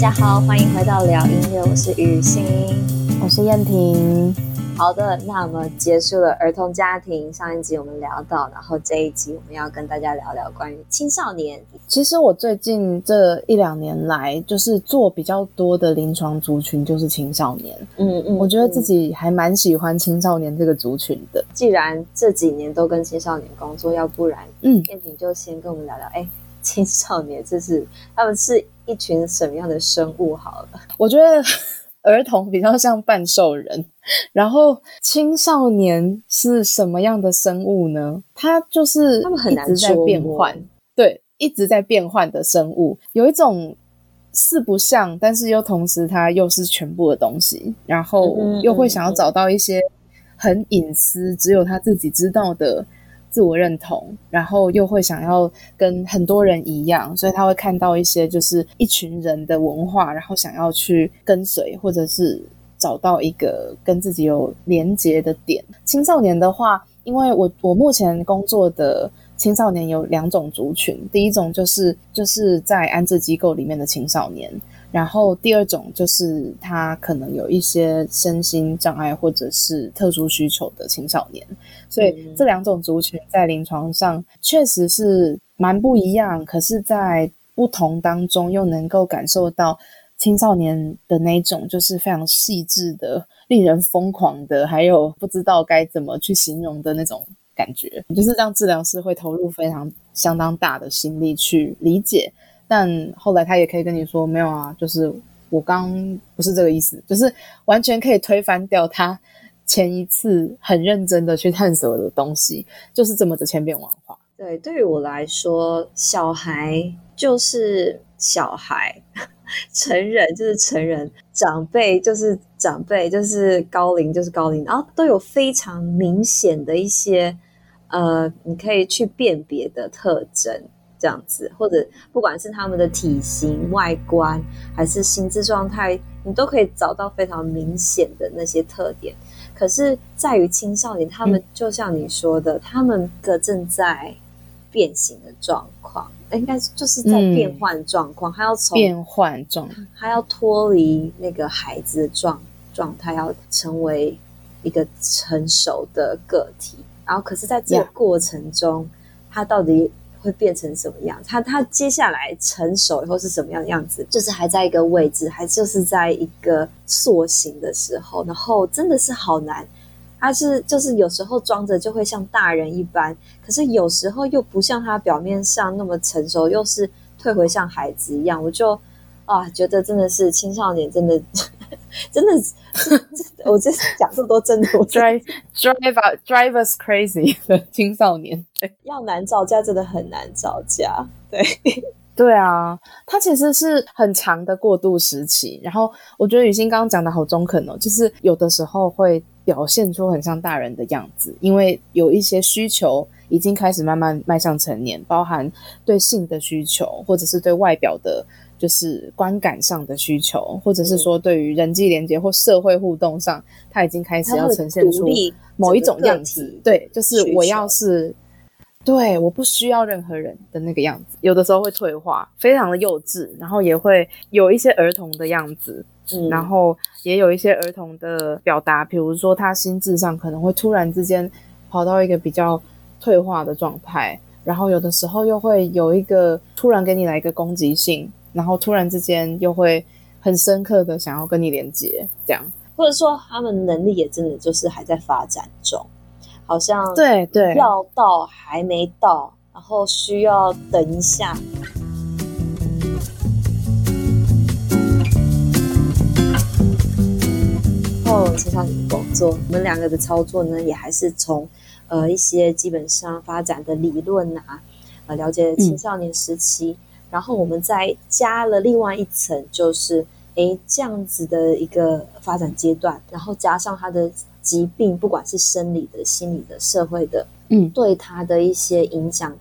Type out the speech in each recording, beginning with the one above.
大家好，歡迎回到療音樂，我是雨欣，我是彥廷。好的，那我們結束了兒童家庭上一集我們聊到，然後這一集我們要跟大家聊聊關於青少年。其實我最近這一兩年來，就是做比較多的臨床族群就是青少年。嗯嗯，嗯，我覺得自己還蠻喜歡青少年這個族群的。既然這幾年都跟青少年工作，要不然，嗯，彥廷就先跟我們聊聊，哎、欸，青少年這是他們是。一群什麼樣的生物？好了，我覺得兒童比較像半獸人，然後青少年是什麼樣的生物呢？他就是他們很難去變換，對，一直在變換的生物，有一種四不像，但是又同時他又是全部的東西，然後又會想要找到一些很隱私、只有他自己知道的。自我認同，然後又會想要跟很多人一樣，所以他會看到一些就是一群人的文化，然後想要去跟隨，或者是找到一個跟自己有連接的點。青少年的話，因為我我目前工作的青少年有兩種族群，第一種就是就是在安置機構裡面的青少年。然後第二種就是他可能有一些身心障礙或者是特殊需求的青少年，所以這兩種族群在臨床上確實是蠻不一樣。可是，在不同當中又能夠感受到青少年的那種，就是非常細緻的、令人瘋狂的，還有不知道該怎麼去形容的那種感覺，就是讓治療師會投入非常相當大的心力去理解。但後來他也可以跟你說：“沒有啊，就是我剛不是這個意思，就是完全可以推翻掉他前一次很認真的去探索的東西，就是這麼的千變萬化。”對，對於我來說，小孩就是小孩，成人就是成人，長輩就是長輩，就是高齡就是高齡，然後都有非常明顯的一些呃，你可以去辨別的特徵。這樣子，或者不管是他們的體型、外觀，還是心智狀態，你都可以找到非常明顯的那些特點。可是，在於青少年，他們就像你說的，嗯、他們個正在變形的狀況，欸、應該就是在變換狀況，他要從變換狀態，他要脫離那個孩子的狀狀態，要成為一個成熟的個體。然後，可是在這個過程中，嗯、他到底會變成什麼樣？他他接下來成熟以後是什麼樣的樣子？就是還在一個位置，還就是在一個塑形的時候，然後真的是好難。他是就是有時候裝着就會像大人一般，可是有時候又不像他表面上那麼成熟，又是退回像孩子一樣。我就啊，覺得真的是青少年真的。 真的， 我這是講這麼多，真的 我、就是、drive drive us crazy 的青少年，要難招架真的很難招架，對，對啊，它其實是很長的過渡時期。然後我覺得雨欣剛剛講得好中肯哦，就是有的時候會表現出很像大人的樣子，因為有一些需求已經開始慢慢邁向成年，包含對性的需求，或者是對外表的。就是觀感上的需求，或者是說對於人際連接或社會互動上，他已經開始要呈現出某一種樣子。對，就是我要是，對，我不需要任何人的那個樣子。有的時候會退化，非常的幼稚，然後也會有一些兒童的樣子，嗯，然後也有一些兒童的表達，比如說他心智上可能會突然之間跑到一個比較退化的狀態，然後有的時候又會有一個突然給你來一個攻擊性。然後突然之間又會很深刻的想要跟你連接，這樣，或者說他們能力也真的就是還在發展中，好像對對要到還沒到，然後需要等一下。然後青少年工作，我們兩個的操作呢也還是從呃一些基本上發展的理論啊，啊、呃、了解青少年時期。嗯然後我們再加了另外一層，就是誒這樣子的一個發展階段，然後加上他的疾病，不管是生理的、心理的、社會的，嗯，對他的一些影響，嗯、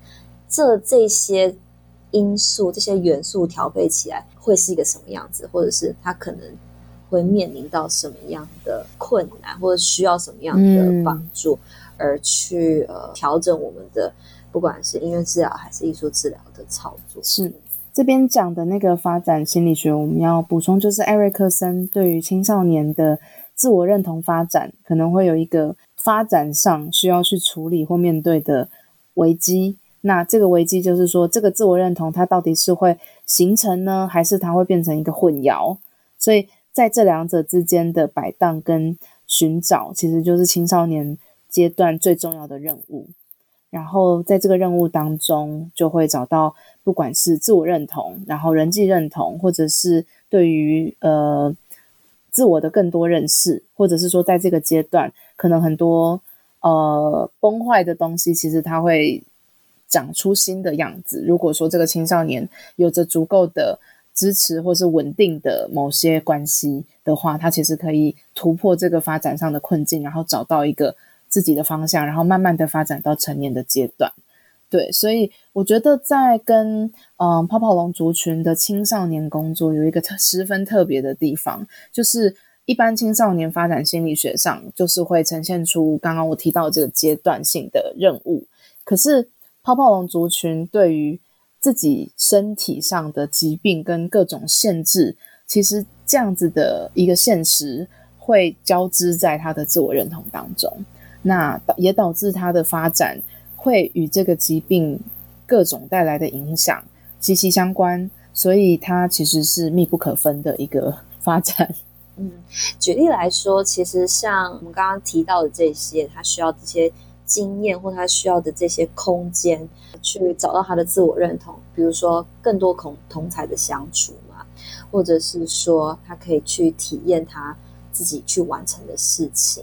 這這些因素、這些元素調配起來會是一個什麼樣子，或者是他可能會面臨到什麼樣的困難，或者需要什麼樣的幫助，而去、嗯、呃調整我們的。不管是音樂治療還是藝術治療的操作，是這邊講的那個發展心理學，我們要補充就是艾瑞克森對於青少年的自我認同發展可能會有一個發展上需要去處理或面對的危機。那這個危機就是說，這個自我認同它到底是會形成呢，還是它會變成一個混淆？所以在這兩者之間的擺盪跟尋找，其實就是青少年階段最重要的任務。然後在這個任務當中，就會找到不管是自我認同，然後人際認同，或者是對於呃自我的更多認識，或者是說在這個階段，可能很多呃崩壞的東西，其實它會長出新的樣子。如果說這個青少年有着足夠的支持或是穩定的某些關係的話，他其實可以突破這個發展上的困境，然後找到一個自己的方向，然後慢慢的發展到成年的階段。對，所以我覺得在跟嗯泡泡龍族群的青少年工作有一個特十分特別的地方，就是一般青少年發展心理學上就是會呈現出剛剛我提到的這個階段性的任務，可是泡泡龍族群對於自己身體上的疾病跟各種限制，其實這樣子的一個現實會交織在他的自我認同當中。那也導致他的發展會與這個疾病各種帶來的影響息息相關，所以他其實是密不可分的一個發展。嗯，舉例來說，其實像我們剛剛提到的這些，他需要這些經驗，或他需要的這些空間，去找到他的自我認同，比如說更多同同儕的相處嘛，或者是說他可以去體驗他自己去完成的事情。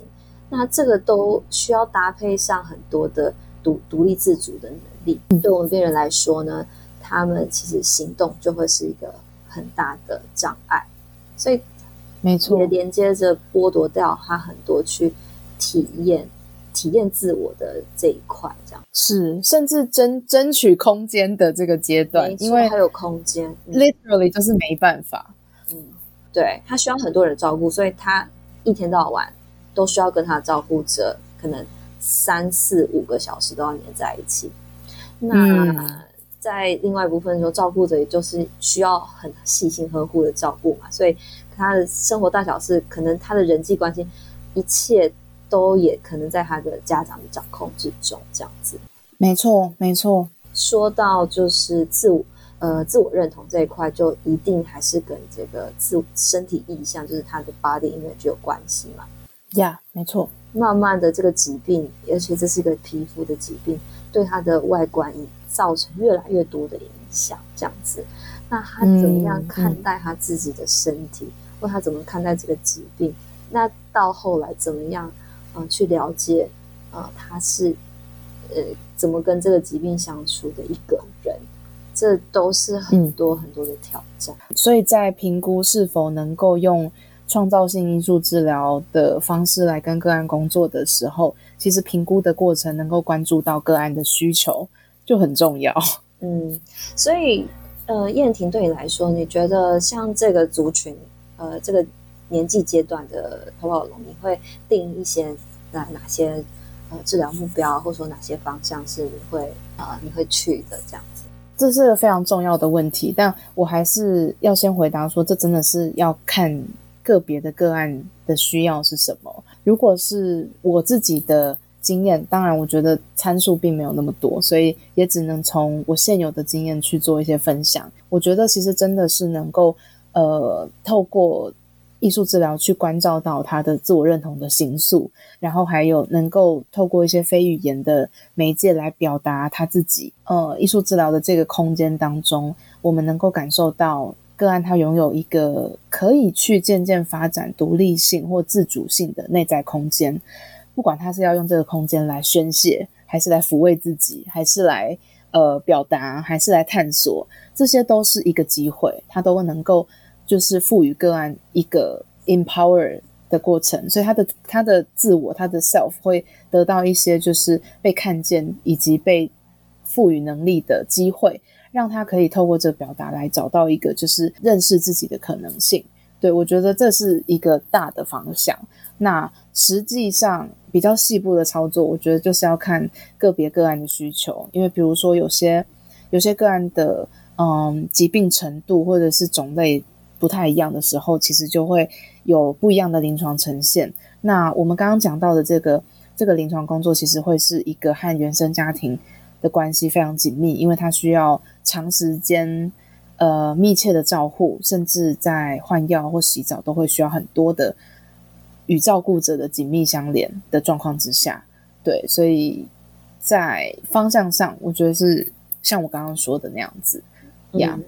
那這個都需要搭配上很多的獨獨立自主的能力。對我們病人來說呢，他們其實行動就會是一個很大的障礙，所以沒錯，也連接着剝奪掉他很多去體驗、體驗自我的這一塊，這樣是甚至爭爭取空間的這個階段，因為他有空間，literally、嗯、就是沒辦法。嗯，對，他需要很多人照顧，所以他一天到晚。都需要跟他的照顧者可能三四五個小時都要黏在一起。那、嗯、在另外一部分說，照顧者也就是需要很細心呵護的照顧嘛，所以他的生活大小事，可能他的人際關係，一切都也可能在他的家長的掌控之中，這樣子。沒錯，沒錯。說到就是自我呃自我認同這一塊，就一定還是跟這個自身體意象，就是他的 body image 有關係嘛。呀、yeah，沒錯，慢慢的這個疾病，而且這是一個皮膚的疾病，對他的外觀造成越來越多的影響，這樣子。那他怎麼樣看待他自己的身體？嗯嗯、或他怎麼看待這個疾病？那到後來怎麼樣？嗯、呃，去了解，他、呃、是呃怎麼跟這個疾病相處的一個人？這都是很多很多的挑戰。嗯、所以在評估是否能夠用。創造性藝術治療的方式來跟個案工作的時候，其實評估的過程能夠關注到個案的需求就很重要。嗯，所以，呃，彥廷，對你來說，你覺得像這個族群，呃，這個年紀階段的泡泡龍，你會定一些哪哪些、呃、治療目標，或者說哪些方向是會啊、呃、你會去的這樣子？這是一個非常重要的問題，但我還是要先回答說，這真的是要看。個別的個案的需要是什麼？如果是我自己的經驗，當然我覺得參數並沒有那麼多，所以也只能從我現有的經驗去做一些分享。我覺得其實真的是能夠，呃，透過藝術治療去關照到他的自我認同的形塑，然後還有能夠透過一些非語言的媒介來表達他自己。呃，藝術治療的這個空間當中，我們能夠感受到，個案他擁有一個可以去漸漸發展獨立性或自主性的內在空間，不管他是要用這個空間來宣洩，還是來撫慰自己，還是來呃表達，還是來探索，這些都是一個機會，他都能夠就是賦予個案一個 empower 的過程，所以他的他的自我，他的 self 會得到一些就是被看見以及被賦予能力的機會。讓他可以透過這個表達來找到一個就是認識自己的可能性，對，我覺得這是一個大的方向。那實際上比較細部的操作，我覺得就是要看個別個案的需求，因為比如說有些有些個案的嗯疾病程度或者是種類不太一樣的時候，其實就會有不一樣的臨床呈現。那我們剛剛講到的這個這個臨床工作，其實會是一個和原生家庭。的關係非常緊密，因為他需要長時間，呃，密切的照護，甚至在換藥或洗澡都會需要很多的與照顧者的緊密相連的狀況之下。對，所以在方向上，我覺得是像我剛剛說的那樣子，一樣。嗯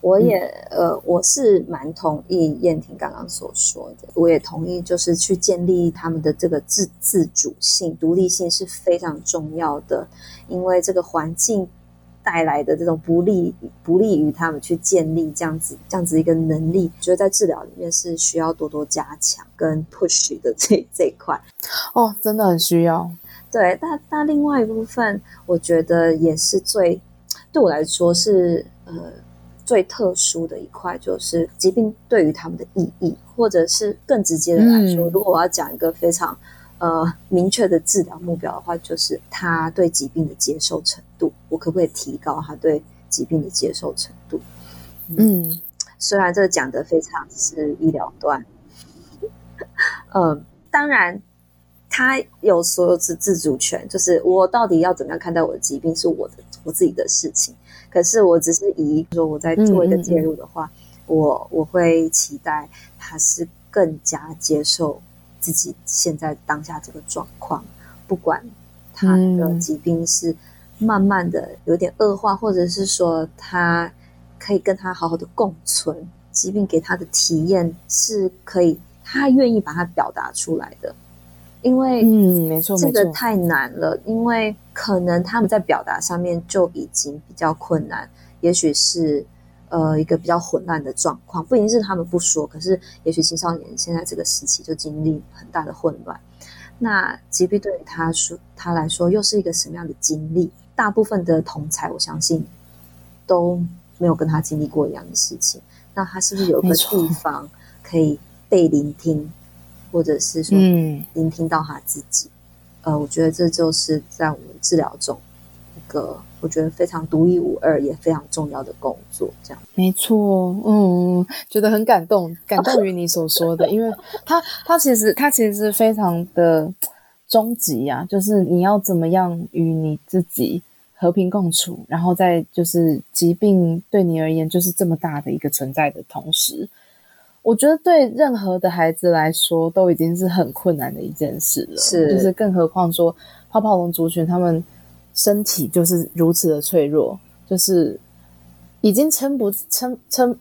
我也、嗯、呃，我是蠻同意彥廷剛剛所說的，我也同意，就是去建立他們的這個自自主性、獨立性是非常重要的，因為這個環境帶來的這種不利不利於他們去建立這樣子這樣子一個能力，就是在治療裡面是需要多多加強跟 push 的這這一塊哦，真的很需要。對，但但另外一部分，我覺得也是最對我來說是呃。最特殊的一塊就是疾病對於他們的意義，或者是更直接的來說，嗯，如果我要講一個非常呃明確的治療目標的話，就是他對疾病的接受程度，我可不可以提高他對疾病的接受程度？嗯，嗯，雖然這個講的非常是醫療端，嗯，當然他有所有自自主權，就是我到底要怎麼樣看待我的疾病是我的我自己的事情。可是，我只是以說我在做一個介入的話，嗯嗯嗯我我會期待他是更加接受自己現在當下這個狀況，不管他的疾病是慢慢的有點惡化，嗯，或者是說他可以跟他好好的共存，疾病給他的體驗是可以，他願意把它表達出來的，因為嗯，沒錯，這個太難了，因為。可能他們在表達上面就已經比較困難，也許是呃一個比較混亂的狀況。不一定是他們不說，可是也許青少年現在這個時期就經歷很大的混亂。那即便對於他說他來說，又是一個什麼樣的經歷？大部分的同儕，我相信都沒有跟他經歷過一樣的事情。那他是不是有個地方可以被聆聽，或者是說，嗯，聆聽到他自己？呃，我覺得這就是在我們治療中一個我覺得非常獨一無二也非常重要的工作。這樣，沒錯，嗯，覺得很感動，感動於你所說的， 因為他他其實他其實是非常的終極呀，就是你要怎麼樣與你自己和平共處，然後在就是疾病對你而言就是這麼大的一個存在的同時。我覺得對任何的孩子來說都已經是很困難的一件事了。是，就是更何況說泡泡龍族群他們身體就是如此的脆弱，就是已經撐不撐撐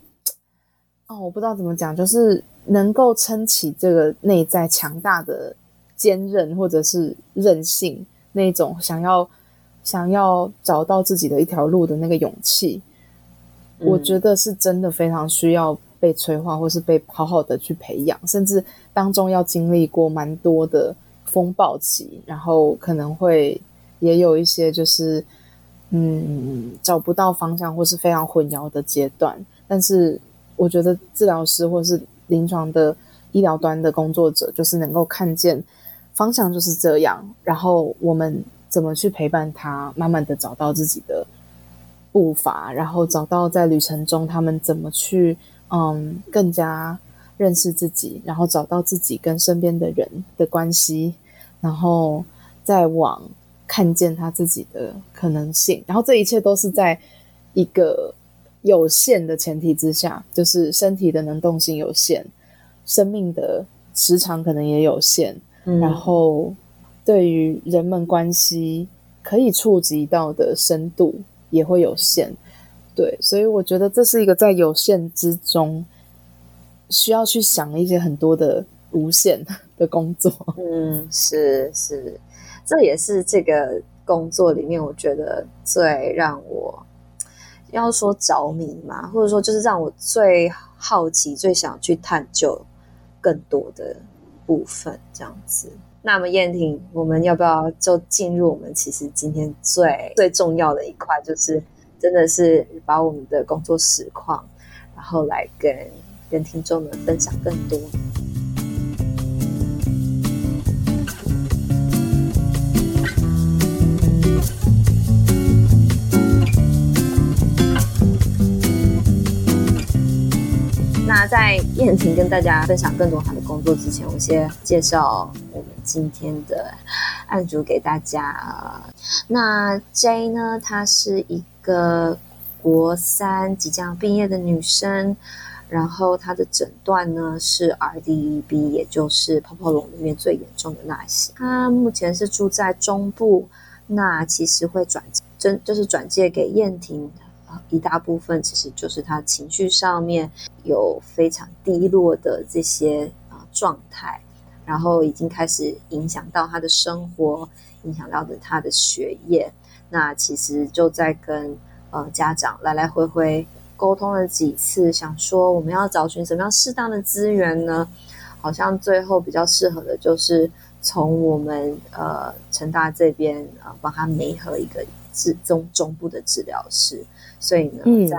哦，我不知道怎麼講，就是能夠撐起這個內在強大的堅韌或者是韌性那種想要想要找到自己的一條路的那個勇氣，嗯，我覺得是真的非常需要被催化，或是被好好的去培養，甚至當中要經歷過蠻多的風暴期，然後可能會也有一些就是嗯找不到方向，或是非常混淆的階段。但是我覺得治療師或是臨床的醫療端的工作者，就是能夠看見方向就是這樣。然後我們怎麼去陪伴他，慢慢的找到自己的步伐，然後找到在旅程中他們怎麼去。嗯、um，更加認識自己，然後找到自己跟身邊的人的關係，然後再往看見他自己的可能性。然後這一切都是在一個有限的前提之下，就是身體的能動性有限，生命的時長可能也有限，嗯，然後對於人際關係可以觸及到的深度也會有限。對，所以我覺得這是一個在有限之中需要去想一些很多的無限的工作。嗯，是是，這也是這個工作裡面我覺得最讓我要說着迷嘛，或者說就是讓我最好奇、最想去探究更多的部分這樣子。那麼彥廷，我們要不要就進入我們其實今天最最重要的一塊，就是？真的是把我們的工作實況，然後來跟跟聽眾們分享更多。嗯、那在彥廷跟大家分享更多她的工作之前，我先介紹我們今天的。案主給大家，那 J 呢？她是一個國三即將畢業的女生，然後她的診斷呢是 RDEB，也就是泡泡龍裡面最嚴重的那型，她目前是住在中部，那其實會轉真就是轉介給彥廷啊，一大部分其實就是她情緒上面有非常低落的這些啊狀態。然後已經開始影響到他的生活，影響到的他的學業。那其實就在跟呃家長來來回回溝通了幾次，想說我們要找尋什麼樣適當的資源呢？好像最後比較適合的就是從我們呃成大這邊啊、呃、幫他媒合一個至中中部的治療師。所以呢，嗯、在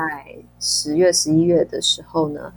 十月十一月的時候呢，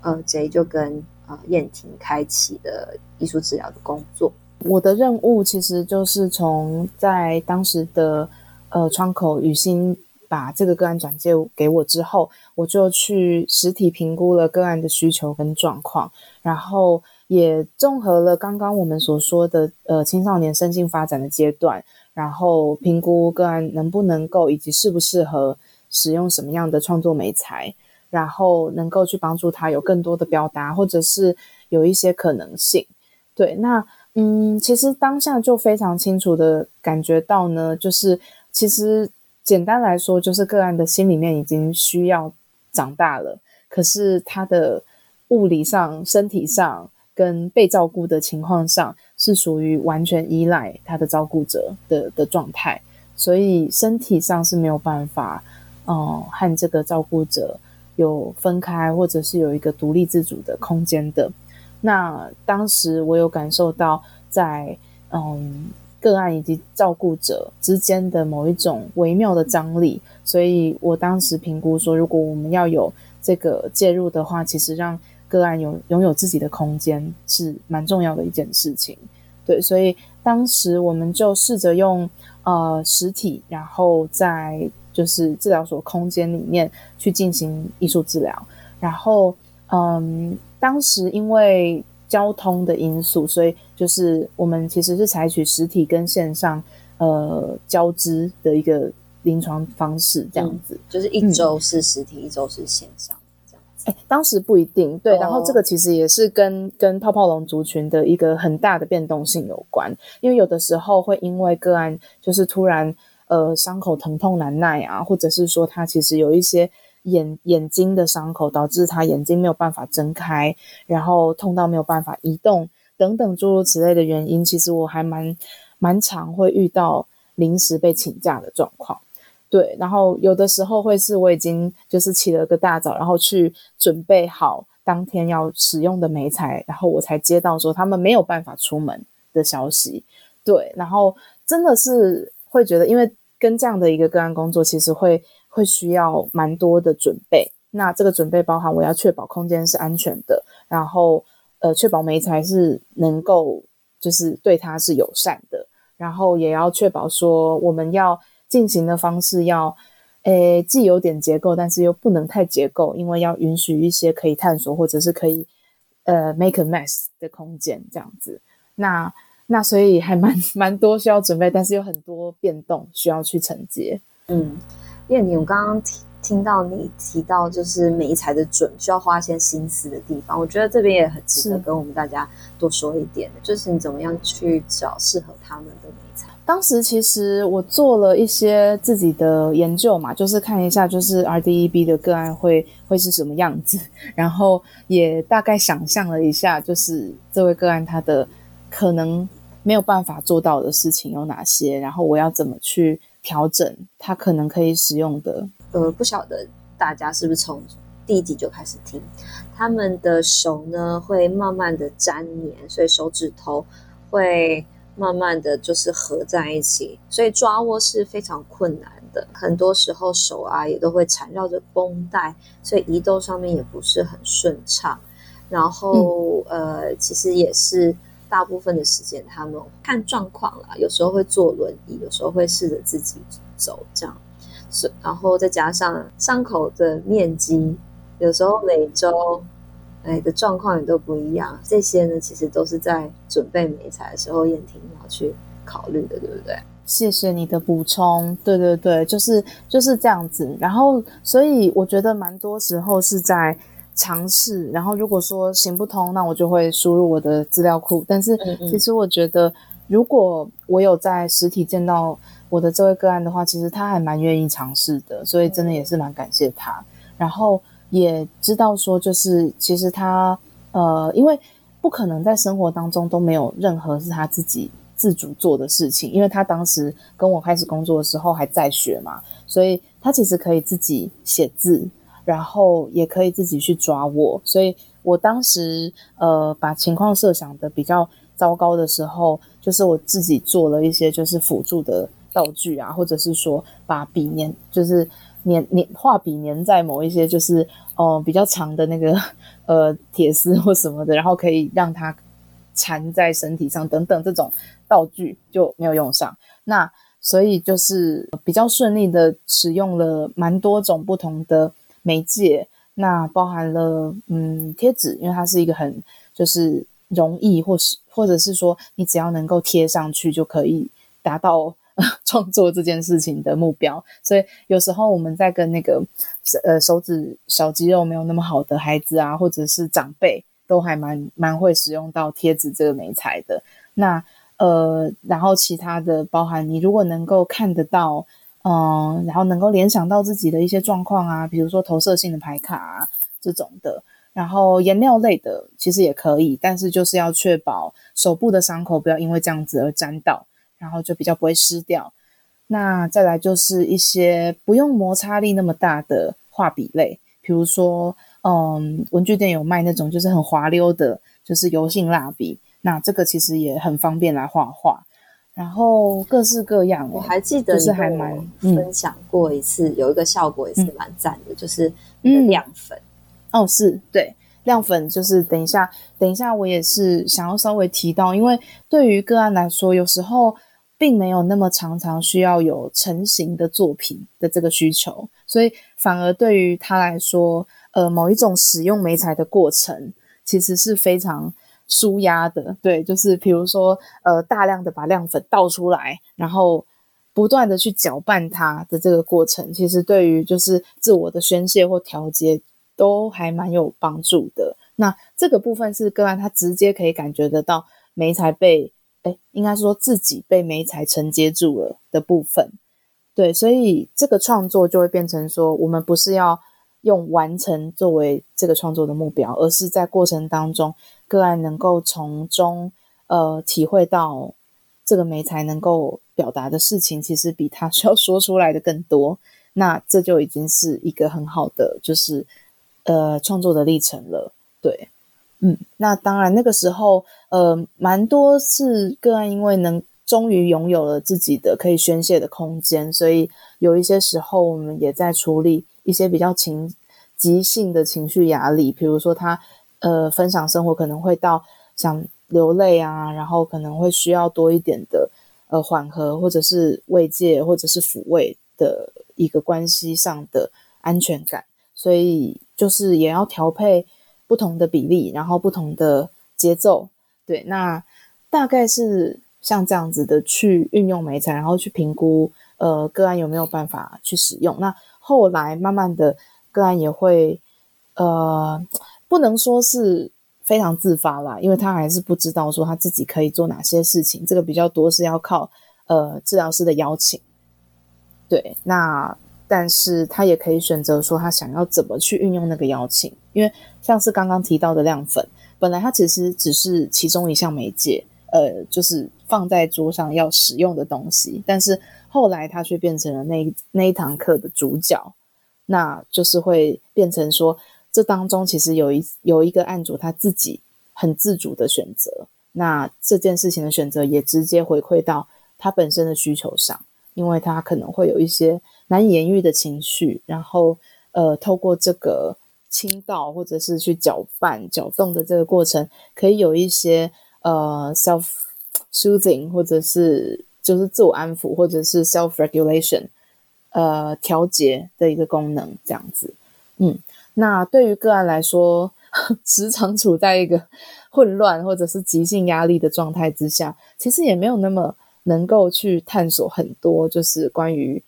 呃，J 就跟。啊，彥廷開啟的藝術治療的工作，我的任務其實就是從在當時的呃窗口雨欣把這個個案轉介給我之後，我就去實體評估了個案的需求跟狀況，然後也綜合了剛剛我們所說的呃青少年身心發展的階段，然後評估個案能不能夠以及適不適合使用什麼樣的創作媒材。然後能夠去幫助他有更多的表達，或者是有一些可能性。對，那嗯，其實當下就非常清楚的感覺到呢，就是其實簡單來說，就是個案的心裡面已經需要長大了，可是他的物理上、身體上跟被照顧的情況上是屬於完全依賴他的照顧者的的狀態，所以身體上是沒有辦法，哦、呃、和這個照顧者。有分開，或者是有一個獨立自主的空間的。那當時我有感受到在，在嗯個案以及照顧者之間的某一種微妙的張力，所以我當時評估說，如果我們要有這個介入的話，其實讓個案有擁有自己的空間是蠻重要的一件事情。對，所以當時我們就試着用呃實體，然後再。就是治療所空間裡面去進行藝術治療，然後嗯，當時因為交通的因素，所以就是我們其實是採取實體跟線上呃交織的一個臨床方式，這樣子，嗯、就是一周是實體，嗯、一周是線上，這樣子。哎、欸，當時不一定對、哦，然後這個其實也是跟跟泡泡龍族群的一個很大的變動性有關，因為有的時候會因為個案就是突然。呃，傷口疼痛難耐啊，或者是說他其實有一些眼眼睛的傷口，導致他眼睛沒有辦法睜開，然後痛到沒有辦法移動等等諸如此類的原因，其實我還蠻蠻常會遇到臨時被請假的狀況。對，然後有的時候會是我已經就是起了個大早，然後去準備好當天要使用的媒材，然後我才接到說他們沒有辦法出門的消息。對，然後真的是。會覺得，因為跟這樣的一個個案工作，其實會會需要蠻多的準備。那這個準備包含，我要確保空間是安全的，然後呃確保媒材是能夠就是對他是友善的，然後也要確保說我們要進行的方式要，誒既有點結構，但是又不能太結構，因為要允許一些可以探索或者是可以呃 make a mess 的空間這樣子。那那所以還蠻蠻多需要準備，但是有很多變動需要去承接。嗯，彥廷，我剛剛聽聽到你提到，就是媒材的準需要花一些心思的地方，我覺得這邊也很值得跟我們大家多說一點的，就是你怎麼樣去找適合他們的媒材。當時其實我做了一些自己的研究嘛，就是看一下就是 RDEB 的個案會會是什麼樣子，然後也大概想象了一下，就是這位個案他的可能。沒有辦法做到的事情有哪些？然後我要怎麼去調整？他可能可以使用的。呃，不曉得大家是不是從第一集就開始聽？他們的手呢會慢慢的粘黏，所以手指頭會慢慢的就是合在一起，所以抓握是非常困難的。很多時候手啊也都會纏繞着繃帶，所以移動上面也不是很順暢。然後、嗯、呃，其實也是。大部分的時間，他們看狀況啦，有時候會坐輪椅，有時候會試着自己走，這樣。然後再加上傷口的面積，有時候每週、哎、的狀況也都不一樣。這些呢，其實都是在準備媒材的時候，彥廷要去考慮的，對不對？謝謝你的補充。對對對，就是就是這樣子。然後，所以我覺得蠻多時候是在。嘗試，然後如果說行不通，那我就會輸入我的資料庫。但是其實我覺得，如果我有在實體見到我的這位個案的話，其實他還蠻願意嘗試的，所以真的也是蠻感謝他。嗯、然後也知道說，就是其實他呃，因為不可能在生活當中都沒有任何是他自己自主做的事情，因為他當時跟我開始工作的時候還在學嘛，所以他其實可以自己寫字。然後也可以自己去抓握，所以我當時呃把情況設想的比較糟糕的時候，就是我自己做了一些就是輔助的道具啊，或者是說把筆粘，就是粘粘畫筆粘在某一些就是哦、呃、比較長的那個呃鐵絲或什麼的，然後可以讓它纏在身體上等等這種道具就沒有用上。那所以就是比較順利的使用了蠻多種不同的。媒介，那包含了嗯、貼紙，因為它是一個很就是容易或、或是或者是說你只要能夠貼上去就可以達到創作這件事情的目標。所以有時候我們在跟那個呃手指小肌肉沒有那麼好的孩子啊，或者是長輩，都還蠻蠻會使用到貼紙這個媒材的。那呃，然後其他的包含你如果能夠看得到，嗯，然後能夠聯想到自己的一些狀況啊，比如說投射性的牌卡啊，這種的，然後顏料類的其實也可以，但是就是要確保手部的傷口不要因為這樣子而沾到，然後就比較不會濕掉。那再來就是一些不用摩擦力那麼大的畫筆類，比如說，嗯，文具店有賣那種就是很滑溜的，就是油性蠟筆，那這個其實也很方便來畫畫。然後各式各樣，我還記得就是還蠻分享過一次，嗯，有一個效果也是蠻讚的，嗯，就是你的亮粉。哦，是對，亮粉就是等一下，等一下我也是想要稍微提到，因為對於個案來說，有時候並沒有那麼常常需要有成型的作品的這個需求，所以反而對於他來說，呃，某一種使用媒材的過程，其實是非常。舒壓的，對，就是譬如說，呃，大量的把亮粉倒出來，然後不斷的去攪拌它的這個過程，其實對於就是自我的宣洩或調節都還蠻有幫助的。那這個部分是個案，他直接可以感覺得到媒材被，誒，應該是說自己被媒材承接住了的部分。對，所以這個創作就會變成說，我們不是要用完成作為這個創作的目標，而是在過程當中。個案能夠從中，呃，體會到這個媒材能夠表達的事情，其實比他需要說出來的更多。那這就已經是一個很好的，就是呃，創作的歷程了。對，嗯，那當然，那個時候，呃，蠻多次個案因為能終於擁有了自己的可以宣泄的空間，所以有一些時候，我們也在處理一些比較情急性的情緒壓力，比如說他。呃，分享生活可能會到想流淚啊，然後可能會需要多一點的呃緩和，或者是慰藉，或者是撫慰的一個關係上的安全感，所以就是也要調配不同的比例，然後不同的節奏。對，那大概是像這樣子的去運用媒材，然後去評估呃個案有沒有辦法去使用。那後來慢慢的個案也會呃。不能說是非常自發啦，因為他還是不知道說他自己可以做哪些事情。這個比較多是要靠呃治療師的邀請，對。那但是他也可以選擇說他想要怎麼去運用那個邀請，因為像是剛剛提到的亮粉，本來他其實只是其中一項媒介，呃，就是放在桌上要使用的東西，但是後來他卻變成了那那一堂課的主角，那就是會變成說。這當中其實有一有一個案主他自己很自主的選擇，那這件事情的選擇也直接回饋到他本身的需求上，因為他可能會有一些難以言喻的情緒，然後呃，透過這個傾倒或者是去攪拌、攪動的這個過程，可以有一些呃 self soothing 或者是就是自我安撫或者是 self regulation 呃調節的一個功能，這樣子，嗯。那對於個案來說，時常處在一個混亂或者是急性壓力的狀態之下，其實也沒有那麼能夠去探索很多，就是關於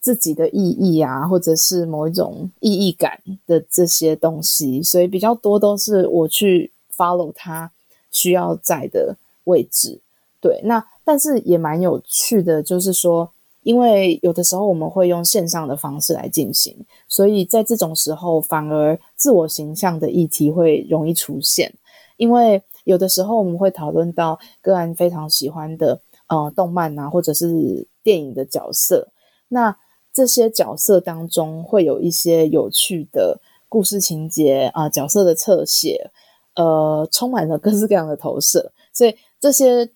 自己的意義啊，或者是某一種意義感的這些東西。所以比較多都是我去 follow 他需要在的位置。對，那但是也蠻有趣的，就是說。因為有的時候我們會用線上的方式來進行，所以在這種時候反而自我形象的議題會容易出現。因為有的時候我們會討論到個案非常喜歡的呃動漫啊，或者是電影的角色，那這些角色當中會有一些有趣的故事情節啊、呃，角色的側寫，呃，充滿了各式各樣的投射，所以這些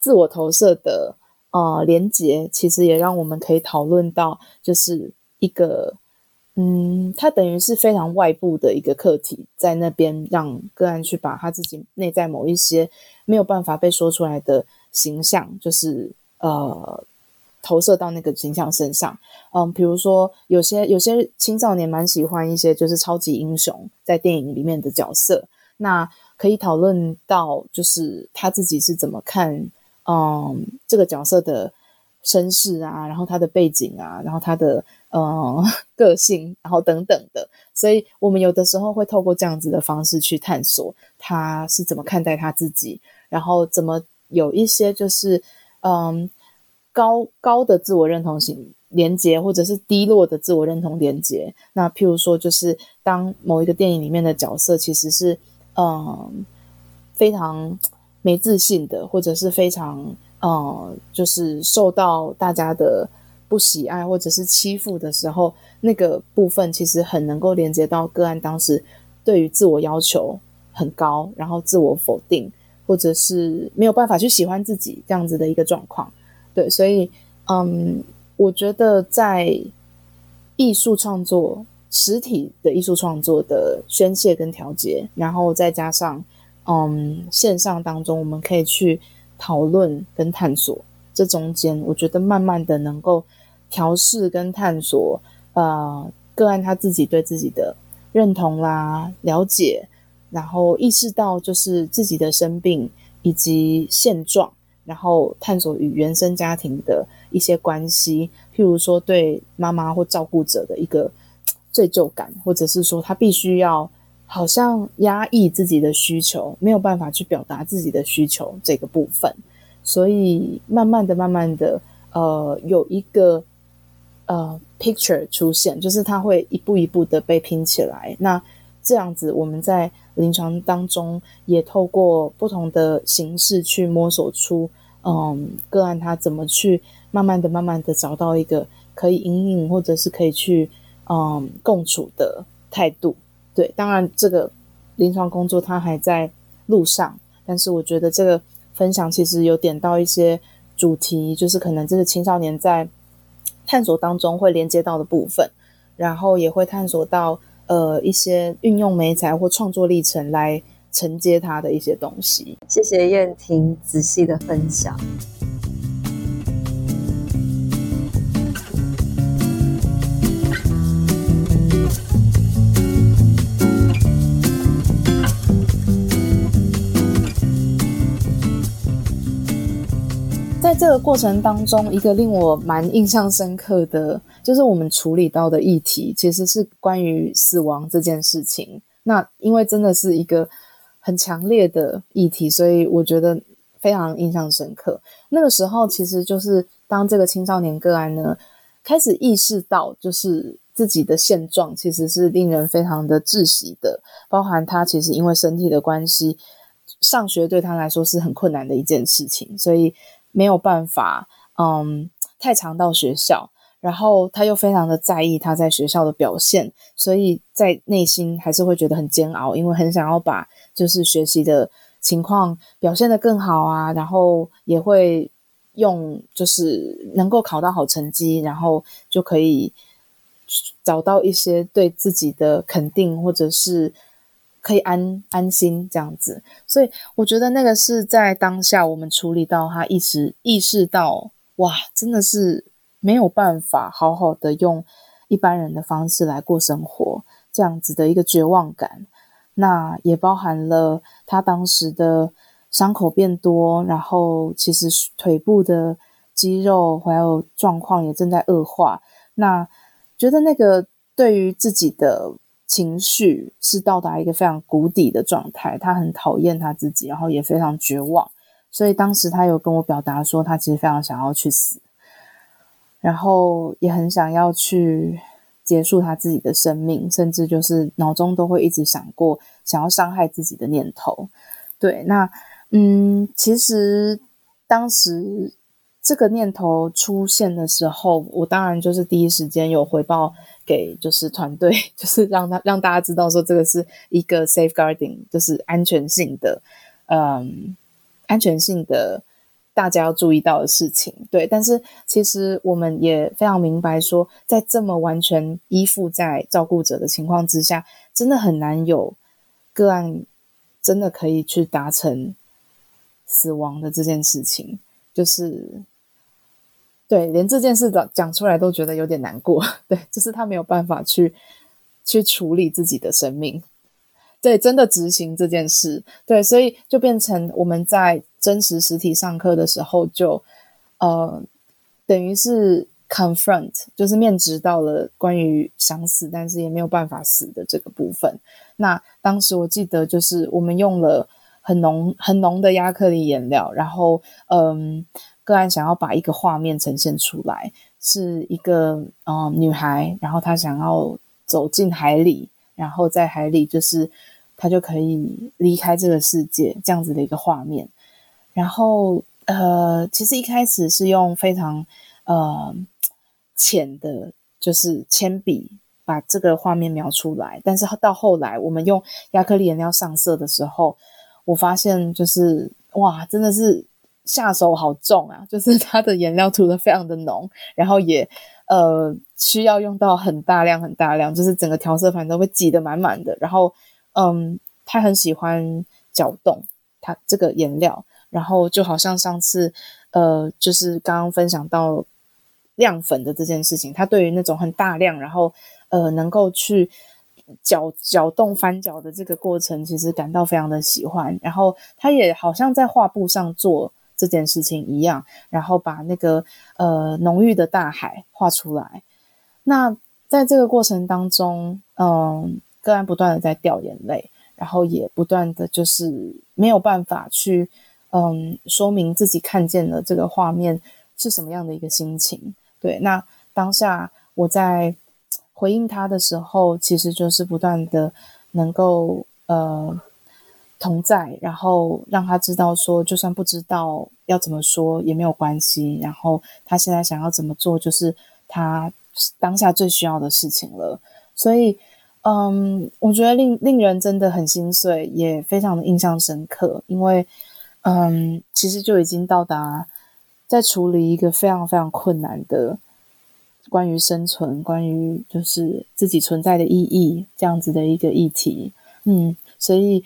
自我投射的。啊、呃，連結，其實也讓我們可以討論到，就是一個，嗯，他等於是非常外部的一個客體，在那邊讓個案去把他自己內在某一些沒有辦法被說出來的形象，就是呃，投射到那個形象身上。嗯，比如說有些有些青少年蠻喜歡一些就是超級英雄在電影裡面的角色，那可以討論到就是他自己是怎麼看。嗯，這個角色的身世啊，然後他的背景啊，然後他的嗯個性，然後等等的，所以我們有的時候會透過這樣子的方式去探索，他是怎麼看待他自己，然後怎麼有一些就是嗯高高的自我認同性連接，或者是低落的自我認同連接。那譬如說，就是當某一個電影裡面的角色其實是嗯非常。沒自信的，或者是非常呃，就是受到大家的不喜愛，或者是欺負的時候，那個部分其實很能夠連接到個案當時對於自我要求很高，然後自我否定，或者是沒有辦法去喜歡自己這樣子的一個狀況。對，所以嗯，我覺得在藝術創作，實體的藝術創作的宣洩跟調節，然後再加上。嗯，線上當中我們可以去討論跟探索，這中間我覺得慢慢的能夠調試跟探索，呃，個案他自己對自己的認同啦、了解，然後意識到就是自己的生病以及現狀，然後探索與原生家庭的一些關係，譬如說對媽媽或照顧者的一個罪疚感，或者是說他必須要。好像壓抑自己的需求，沒有辦法去表達自己的需求這個部分，所以慢慢的、慢慢的，呃，有一個呃 picture 出現，就是他會一步一步的被拼起來。那這樣子，我們在臨床當中也透過不同的形式去摸索出，嗯，嗯個案他怎麼去慢慢的、慢慢的找到一個可以隱隱或者是可以去嗯共處的態度。對，當然這個臨床工作它還在路上，但是我覺得這個分享其實有點到一些主題，就是可能這是青少年在探索當中會連接到的部分，然後也會探索到呃一些運用媒材或創作歷程來承接他的一些東西。謝謝彥廷仔細的分享。在這個過程當中，一個令我蠻印象深刻的，就是我們處理到的議題，其實是關於死亡這件事情。那因為真的是一個很強烈的議題，所以我覺得非常印象深刻。那個時候，其實就是當這個青少年個案呢，開始意識到，就是自己的現狀其實是令人非常的窒息的，包含他其實因為身體的關係，上學對他來說是很困難的一件事情，所以。沒有辦法，嗯，太常到學校，然後他又非常的在意他在學校的表現，所以在內心還是會覺得很煎熬，因為很想要把就是學習的情況表現得更好啊，然後也會用就是能夠考到好成績，然後就可以找到一些對自己的肯定，或者是。可以安安心這樣子，所以我覺得那個是在當下我們處理到他意識意識到，哇，真的是沒有辦法好好的用一般人的方式來過生活這樣子的一個絕望感。那也包含了他當時的傷口變多，然後其實腿部的肌肉還有狀況也正在惡化。那覺得那個對於自己的。情緒是到達一個非常谷底的狀態，他很討厭他自己，然後也非常絕望，所以當時他有跟我表達說，他其實非常想要去死，然後也很想要去結束他自己的生命，甚至就是腦中都會一直想過想要傷害自己的念頭。對，那嗯，其實當時。這個念頭出現的時候，我當然就是第一時間有回報給就是團隊，就是讓他讓大家知道說這個是一個 safeguarding，就是安全性的，嗯，安全性的大家要注意到的事情。對，但是其實我們也非常明白說，在這麼完全依附在照顧者的情況之下，真的很難有個案真的可以去達成死亡的這件事情，就是。對，連這件事講講出來都覺得有點難過。對，就是他沒有辦法去去處理自己的生命。對，真的執行這件事。對，所以就變成我們在真實實體上課的時候就，就呃，等於是 confront，就是面質到了關於想死但是也沒有辦法死的這個部分。那當時我記得就是我們用了很濃很濃的亞克力顏料，然後嗯。呃個案想要把一個畫面呈現出來，是一個嗯、呃、女孩，然後她想要走進海裡，然後在海裡就是她就可以離開這個世界，這樣子的一個畫面。然後呃，其實一開始是用非常呃淺的，就是鉛筆把這個畫面描出來，但是到後來我們用亞克力顏料上色的時候，我發現就是哇，真的是。下手好重啊，就是他的顏料塗得非常的濃，然後也呃需要用到很大量很大量，就是整個調色盤都會擠得滿滿的。然後嗯，他很喜歡攪動他這個顏料，然後就好像上次呃就是剛剛分享到亮粉的這件事情，他對於那種很大量然後呃能夠去攪攪動翻攪的這個過程，其實感到非常的喜歡。然後他也好像在畫布上做。這件事情一樣，然後把那個呃濃郁的大海畫出來。那在這個過程當中，嗯、呃，個案不斷的在掉眼淚，然後也不斷的就是沒有辦法去嗯、呃、說明自己看見了這個畫面是什麼樣的一個心情。對，那當下我在回應他的時候，其實就是不斷的能夠呃。同在，然後讓他知道，說就算不知道要怎麼說也沒有關係。然後他現在想要怎麼做，就是他當下最需要的事情了。所以，嗯，我覺得令令人真的很心碎，也非常的印象深刻，因為，嗯，其實就已經到達在處理一個非常非常困難的關於生存、關於就是自己存在的意義這樣子的一個議題。嗯，所以。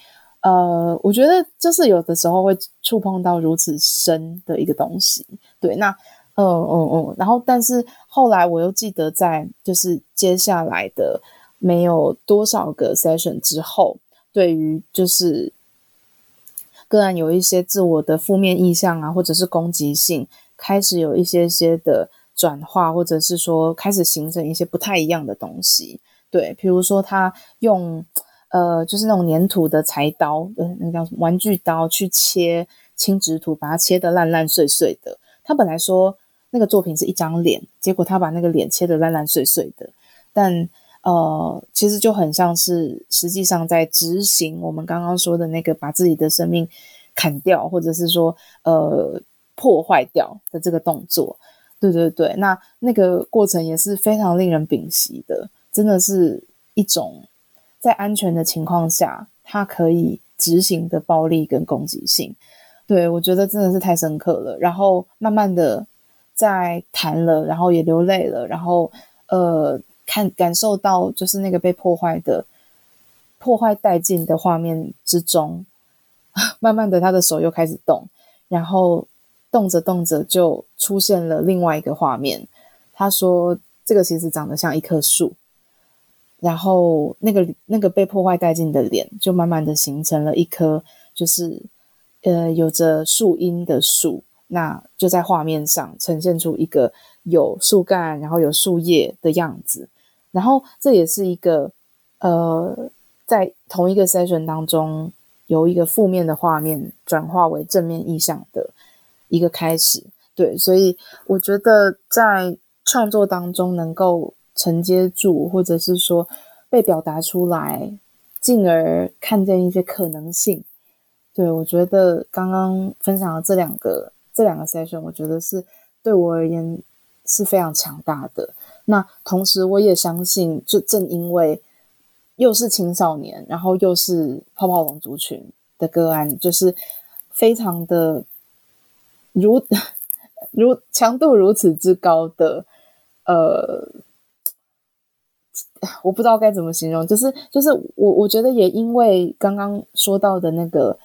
呃，我覺得就是有的時候會觸碰到如此深的一個東西，對。那，呃、嗯嗯嗯，然後，但是後來我又記得，在就是接下來的沒有多少個 session 之後，對於就是個人有一些自我的負面意象啊，或者是攻擊性，開始有一些些的轉化，或者是說開始形成一些不太一樣的東西，對。譬如說他用。呃，就是那種粘土的柴刀，呃，那叫什麼玩具刀，去切輕質土，把它切得爛爛碎碎的。他本來說那個作品是一張臉，結果他把那個臉切得爛爛碎碎的。但呃，其實就很像是實際上在執行我們剛剛說的那個把自己的生命砍掉，或者是說呃破壞掉的這個動作。對對對，那那個過程也是非常令人屏息的，真的是一種。在安全的情況下，他可以執行的暴力跟攻擊性，對，我覺得真的是太深刻了。然後慢慢的在談了，然後也流淚了，然後呃，看感受到就是那個被破壞的破壞殆盡的畫面之中，慢慢的他的手又開始動，然後動着動着就出現了另外一個畫面。他說這個其實長得像一棵樹。然後、那個，那個那個被破壞殆盡的臉，就慢慢的形成了一棵，就是呃，有着樹蔭的樹，那就在畫面上呈現出一個有樹幹，然後有樹葉的樣子。然後這也是一個呃，在同一個 session 當中，由一個負面的畫面轉化為正面意象的一個開始。對，所以我覺得在創作當中能夠。承接住，或者是說被表達出來，進而看見一些可能性。對，我覺得剛剛分享的這兩個，這兩個 session，我覺得是，對我而言是非常強大的。那同時我也相信，就正因為又是青少年，然後又是泡泡龍族群的個案，就是非常的如，如強度如此之高的呃。 我不知道該怎麼形容，就是就是我我覺得也因為剛剛說到的那個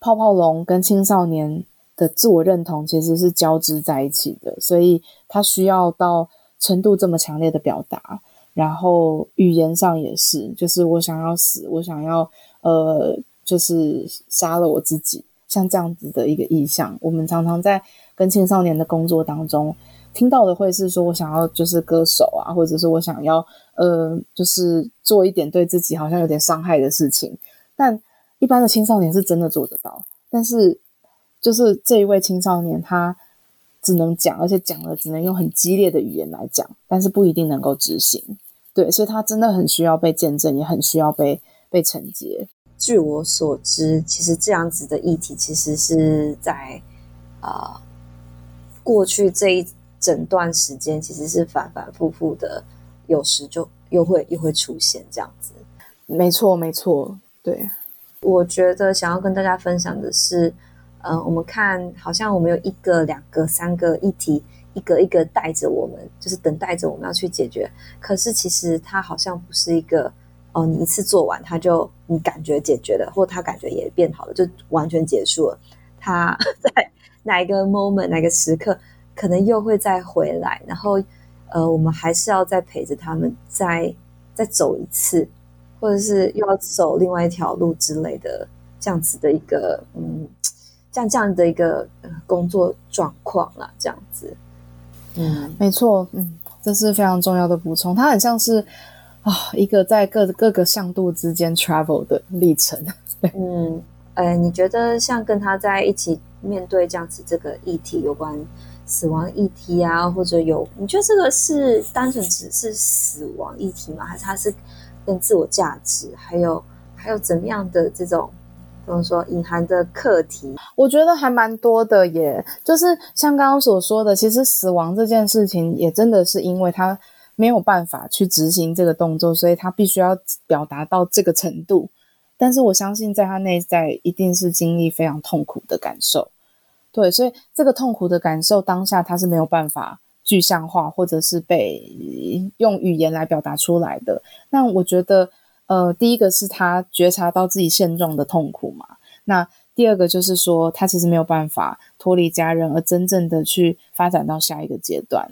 泡泡龍跟青少年的自我認同其實是交織在一起的，所以他需要到程度這麼強烈的表達，然後語言上也是，就是我想要死，我想要呃，就是殺了我自己，像這樣子的一個意象。我們常常在跟青少年的工作當中，聽到的會是說，我想要就是歌手啊，或者是我想要呃，就是做一點對自己好像有點傷害的事情。但一般的青少年是真的做得到，但是就是這一位青少年，他只能講，而且講了只能用很激烈的語言來講，但是不一定能夠執行。對，所以他真的很需要被見證，也很需要被被承接。據我所知，其實這樣子的議題其實是在呃，過去這一。整段時間其實是反反复复的，有時就又會又會出現這樣子。沒錯，沒錯，對。我覺得想要跟大家分享的是，嗯、呃，我們看好像我們有一個、兩個、三個議題，一個一個帶着我們，就是等待着我們要去解決。可是其實它好像不是一個，哦、呃，你一次做完，它就你感覺解決了，或他感覺也變好了，就完全結束了。他在哪一個 moment 哪個時刻？可能又會再回來，然後，呃，我們還是要再陪着他們再，再再走一次，或者是又要走另外一條路之類的，這樣子的一個，嗯，像這，這樣的一個、呃、工作狀況啦。這樣子，嗯，嗯，沒錯，嗯，這是非常重要的補充，它很像是啊、哦，一個在各各個向度之間 travel 的歷程，嗯，誒，你覺得像跟他在一起面對這樣子這個議題有關？死亡議題啊，或者有，你覺得這個是單純只是死亡議題嗎？還是它是跟自我價值，還有還有怎麼樣的這種，怎麼說隱含的課題？我覺得還蠻多的耶。就是像剛剛所說的，其實死亡這件事情也真的是因為他沒有辦法去執行這個動作，所以他必須要表達到這個程度。但是我相信在他內在一定是經歷非常痛苦的感受。對，所以這個痛苦的感受當下，他是沒有辦法具象化，或者是被用語言來表達出來的。那我覺得，呃，第一個是他覺察到自己現狀的痛苦嘛。那第二個就是說，他其實沒有辦法脫離家人，而真正的去發展到下一個階段。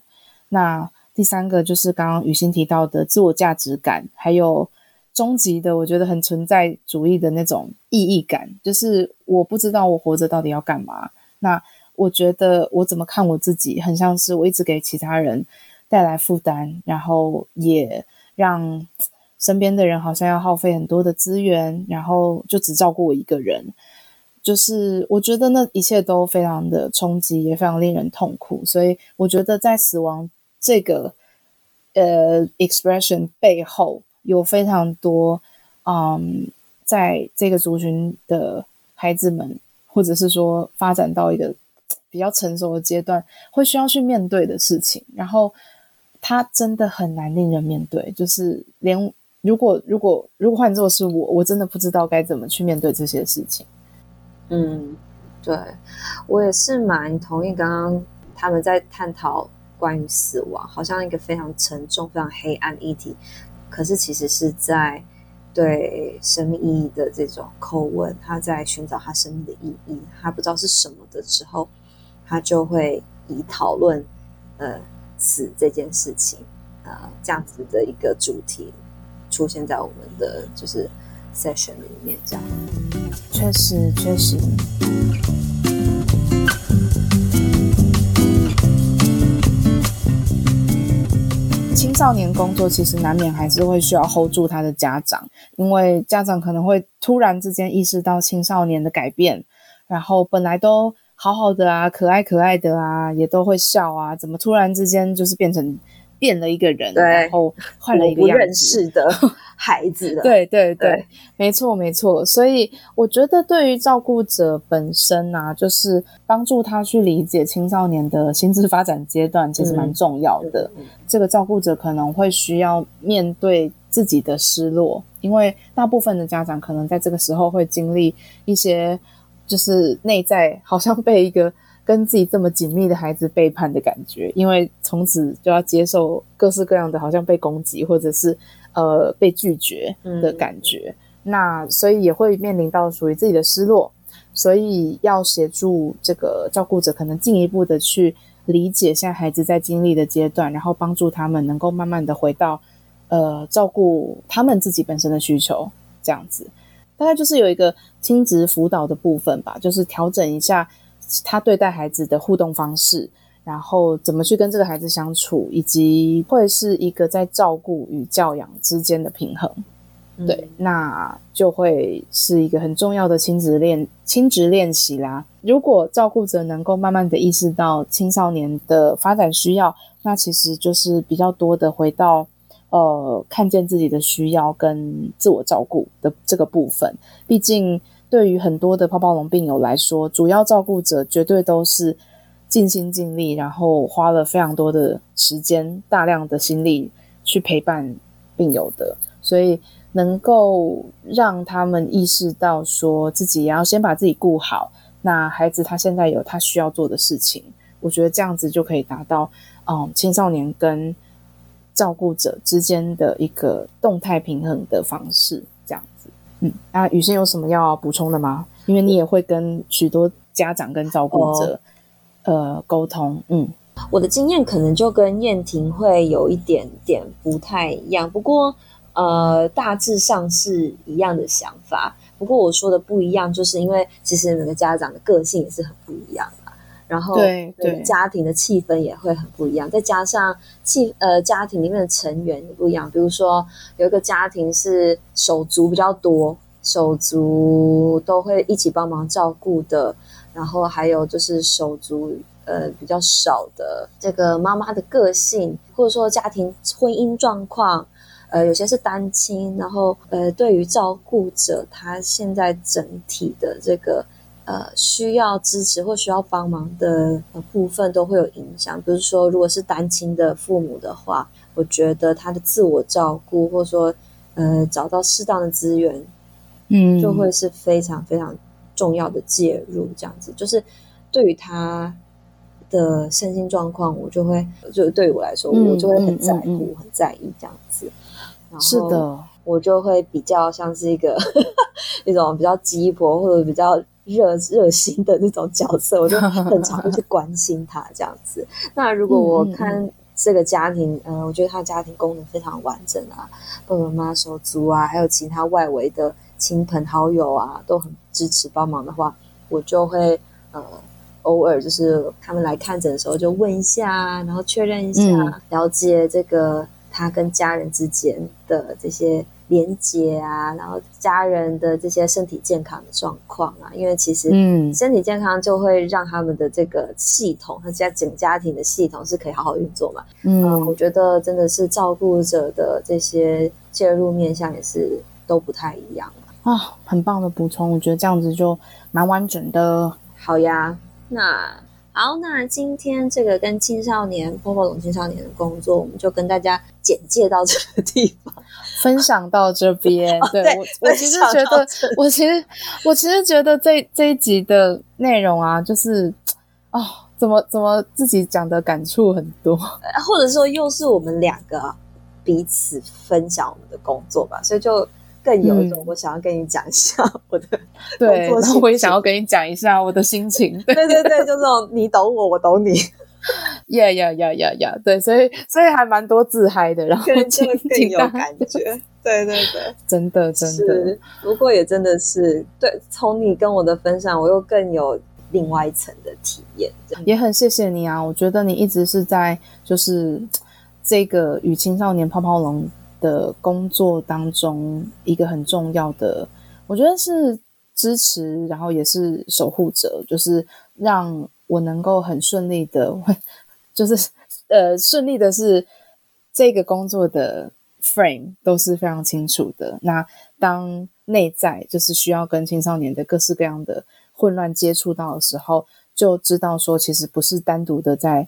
那第三個就是剛剛雨欣提到的自我價值感，還有終極的，我覺得很存在主義的那種意義感，就是我不知道我活着到底要幹嘛。那我覺得，我怎麼看我自己，很像是我一直給其他人帶來負擔，然後也讓身邊的人好像要耗費很多的資源，然後就只照顧我一個人，就是我覺得那一切都非常的衝擊，也非常令人痛苦。所以我覺得，在死亡這個呃 expression 背後，有非常多嗯，在這個族群的孩子們。或者是說發展到一個比較成熟的階段，會需要去面對的事情，然後它真的很難令人面對，就是連如果如果如果換作是我，我真的不知道該怎麼去面對這些事情。嗯，對，我也是蠻同意剛剛他們在探討關於死亡，好像一個非常沉重、非常黑暗的議題，可是其實是在。對生命意義的這種叩問，他在尋找他生命的意義，他不知道是什麼的時候，他就會以討論，呃，死這件事情，啊、呃，這樣子的一個主題，出現在我們的就是 session 裡面，這樣。確實，確實。青少年工作其實難免還是會需要 hold 住他的家長，因為家長可能會突然之間意識到青少年的改變，然後本來都好好的啊，可愛可愛的啊，也都會笑啊，怎麼突然之間就是變成？變了一個人，然後換了一個樣，我不認識的孩子 對。對對對，沒錯沒錯。所以我覺得，對於照顧者本身啊，就是幫助他去理解青少年的心智發展階段，其實蠻重要的。嗯。這個照顧者可能會需要面對自己的失落，因為大部分的家長可能在這個時候會經歷一些，就是內在好像被一個。跟自己這麼緊密的孩子背叛的感覺，因為從此就要接受各式各樣的好像被攻擊或者是呃被拒絕的感覺。嗯，那所以也會面臨到屬於自己的失落，所以要協助這個照顧者可能進一步的去理解現在孩子在經歷的階段，然後幫助他們能夠慢慢的回到呃照顧他們自己本身的需求，這樣子大概就是有一個親職輔導的部分吧，就是調整一下。他對待孩子的互動方式，然後怎麼去跟這個孩子相處，以及會是一個在照顧與教養之間的平衡，嗯、對，那就會是一個很重要的親職練親職練習啦。如果照顧者能夠慢慢的意識到青少年的發展需要，那其實就是比較多的回到呃看見自己的需要跟自我照顧的這個部分，畢竟。對於很多的泡泡龍病友來說，主要照顧者絕對都是盡心盡力，然後花了非常多的時間、大量的心力去陪伴病友的。所以，能夠讓他們意識到說自己也要先把自己顧好。那孩子他現在有他需要做的事情，我覺得這樣子就可以達到，嗯，青少年跟照顧者之間的一個動態平衡的方式。嗯，那、啊、雨欣有什麼要補充的嗎？因為你也會跟許多家長跟照顧者、哦、呃溝通，嗯，我的經驗可能就跟彥廷會有一點點不太一樣，不過呃大致上是一樣的想法。不過我說的不一樣，就是因為其實每個家長的個性也是很不一樣的。然後，對，對、嗯、家庭的氣氛也會很不一樣。再加上氣，呃，家庭裡面的成員也不一樣。比如說，有一個家庭是手足比較多，手足都會一起幫忙照顧的。然後還有就是手足呃比較少的。這個媽媽的個性，或者說家庭婚姻狀況，呃，有些是單親。然後，呃，對於照顧者，他現在整體的這個。呃，需要支持或需要幫忙的部分都會有影響。比如說，如果是單親的父母的話，我覺得他的自我照顧，或者說，呃，找到適當的資源，嗯，就會是非常非常重要的介入、嗯。這樣子，就是對於他的身心狀況，我就會就對於我來說，嗯、我就會很在乎、嗯嗯嗯、很在意這樣子。是的，我就會比較像是一個那 種比較雞婆或者比較。熱熱心的那種角色，我就很常去關心他這樣子。 那如果我看這個家庭，嗯，呃、我覺得他家庭功能非常完整啊，爸爸媽媽、手足啊，還有其他外圍的親朋好友啊，都很支持幫忙的話，我就會呃，偶爾就是他們來看診的時候就問一下，然後確認一下，嗯、了解這個。他跟家人之間的這些連接啊，然後家人的這些身體健康的狀況啊，因為其實嗯，身體健康就會讓他們的這個系統，他家整個家庭的系統是可以好好運作嘛。嗯、呃，我覺得真的是照顧者的這些介入面向也是都不太一樣啊。很棒的補充，我覺得這樣子就蠻完整的。好呀，那。好，那今天這個跟青少年泡泡龍青少年的工作，我們就跟大家簡介到這個地方，分享到這邊。 對，我我其實覺得， 我其實我其實覺得這這一集的內容啊，就是哦，怎麼怎麼自己講的感觸很多，或者說又是我們兩個啊，彼此分享我們的工作吧，所以就。更有一種、嗯，我想要跟你講一下我的對，然後我也想要跟你講一下我的心情對。對對對，就這種你懂我，我懂你。呀呀呀呀呀！對，所以所以還蠻多自嗨的，然後真的更有感覺。對，對對對，真的真的是。不過也真的是對，從你跟我的分享，我又更有另外一層的體驗。也很謝謝你啊，我覺得你一直是在就是這個與青少年泡泡龍。的工作當中，一個很重要的，我覺得是支持，然後也是守護者，就是讓我能夠很順利的，就是呃順利的是這個工作的 frame 都是非常清楚的。那當內在就是需要跟青少年的各式各樣的混亂接觸到的時候，就知道說其實不是單獨的在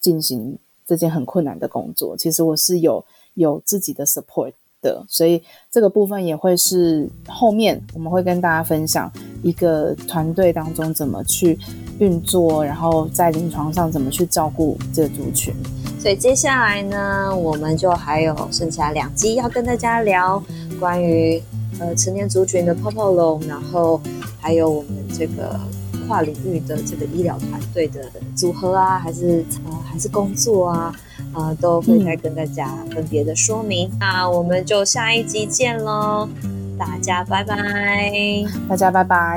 進行這件很困難的工作，其實我是有。有自己的 support 的，所以這個部分也會是後面我們會跟大家分享一個團隊當中怎麼去運作，然後在臨床上怎麼去照顧這個族群。所以接下來呢，我們就還有剩下兩集要跟大家聊關於呃成年族群的泡泡龍，然後還有我們這個跨領域的這個醫療團隊的組合啊，還是、呃、還是工作啊。呃，都會再跟大家分別的說明，嗯，那我們就下一集見嘍，大家拜拜，大家拜拜。